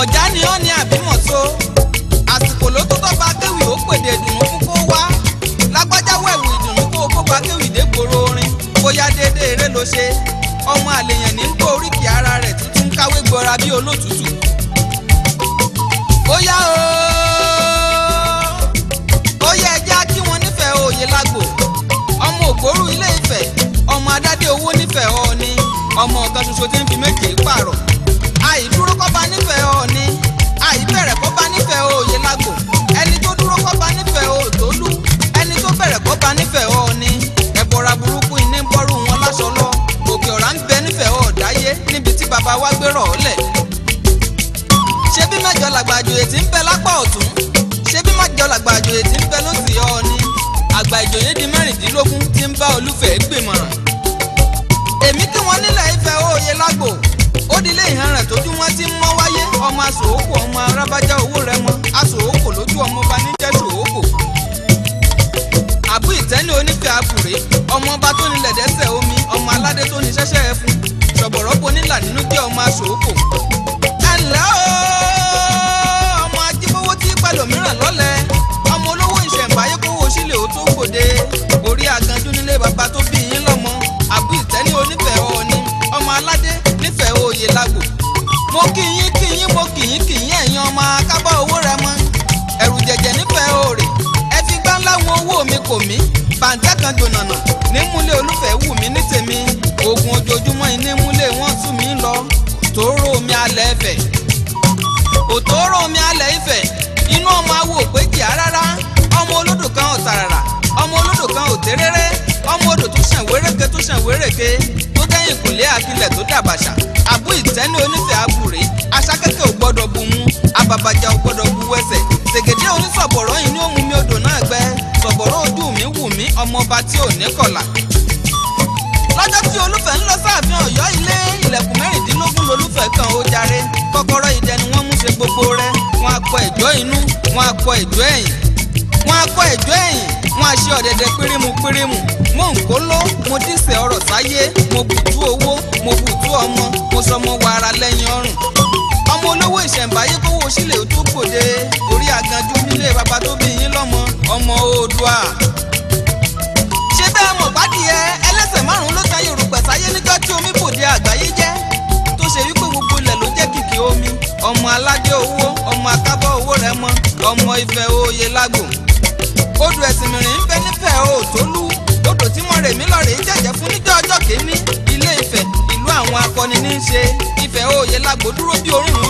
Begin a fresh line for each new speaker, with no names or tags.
ọjà ni ọ ní àbímọ̀tó àsìkò ló tó tọ́ba akéwì ó pèdè ìdùnnú wá lágbájá wẹ̀wù ìdùnnú kó o kópa akéwì dégboro orin bóyá dédé eré ló ṣe ọmọ àlèyàn ní kó oríkì ara rẹ̀ tuntun káwé gbọ́ra bí olótùtù bóyá o kí wọn nífẹ̀ẹ́ òye lágbo ọmọ ilé ọmọ adádé owó nífẹ̀ẹ́ ọ ni ọmọ ṣoṣo rọ̀ ó lẹ̀ ṣé bí mẹ́jọ làgbàjò ètí ń bẹ lápá ọ̀tún ṣé bí mẹ́jọ làgbàjò ètí ń bẹ lósì Ọọ̀ni àgbà ìjòyè di mẹ́rìndínlógún tí ń bá olúfẹ̀ẹ́ gbìmọ̀ràn èmi kí wọ́n nílẹ̀ Ifẹ̀ òye lágbo ó dilé ìhànrẹ̀ tójú wọn ti ń mọ́ wáyé ọmọ asòókò ọmọ arábájá owó rẹ mọ asòókò lójú ọmọ bá ní sòókò àbú ìtẹ́ni onífẹ́ àbùrẹ́ ọmọ ọba tó nílẹ̀ dẹ́sẹ̀ omi ọmọ aládé tó ní ṣẹ́ṣẹ́ ẹ̀fún ṣòkò. àlá o ọmọ ajíbówó tí padò mìíràn lọ́lẹ̀ ọmọ olówó ìṣẹ̀ǹbáyé kówó sílẹ̀ ó tó gbòde orí aganjú nílé bàbá tó bí yín lọ́mọ àbú ìtẹ́ni onífẹ̀ẹ́ ọ̀ọ́ni ọmọ aládé nífẹ̀ẹ́ oyè lágbo. mo kì yín kì yín mo kì yín kì yín ẹ̀yin ọmọ akábọ̀ owó rẹ mọ́ ẹ̀rù jẹ̀jẹ̀ nífẹ̀ẹ́ òòrè ẹ ti gbá láwọn owó mi kò mí bàǹtẹ́ kan jònànà nímúlẹ̀ olúfẹ́ wù mí ní tèmi oògùn ojoojúmọ́ in alẹ́ Ifẹ̀ òtòrò omi alẹ́ Ifẹ̀ inú ọmọ awo òpéjì rárá ọmọ olódò kan ọ̀tàràrà ọmọ olódò kan òtéréré ọmọ odò tó ṣàn wéréke tó ṣàn wéreke tó dẹ́yìn kò lé àkilẹ̀ tó dàbàṣà àbú ìtẹ́ni onífẹ̀ àbúrè aṣákẹ́kẹ́ ò gbọ́dọ̀ bu mu abàbàjà ò gbọ́dọ̀ bu wẹsẹ̀ ṣègèdè onísọ̀bọ̀rọ̀ yìí ni ó mú mi odò náà gbẹ sọ̀bọ̀rọ̀ ojú mi wù mí ọmọọba tí ò ní kọ̀là kọ́kọ́rọ́ ìdẹ ni wọ́n mú ṣe gbogbo rẹ̀ wọ́n á kọ ẹ̀jọ́ inú wọ́n á kọ ẹ̀jọ́ ẹ̀yìn wọ́n á kọ ẹ̀jọ́ ẹ̀yìn wọ́n á ṣe ọ̀dẹ̀dẹ̀ pírímù pírímù mò ń kó ló mo díṣẹ́ ọ̀rọ̀ sáyé mo bùtú owó mo bùtú ọmọ mo sọmọ wàrà lẹ́yìn ọrùn ọmọ olówó ìṣẹ̀ǹbáyé kówó sílẹ̀ tó gbòde orí àgànjú nílé bàbá tó bí yín lọ́mọ ọmọ oòdùà ọmọ aládé owó ọmọ akábọ̀ owó rẹ̀ mọ́ ọmọ ìfẹ́ oyè lágbo. odò ẹ̀sìn mìíràn ń bẹ nífẹ̀ẹ́ òtólú odò tí mọ̀rẹ̀mí lọ́ọ̀rẹ́ jẹ̀jẹ̀ fún níjọ́ ọjọ́ kìíní ilé ìfẹ́ ìlú àwọn akọni ní í ṣe ìfẹ́ oyè lágbo dúró bí orún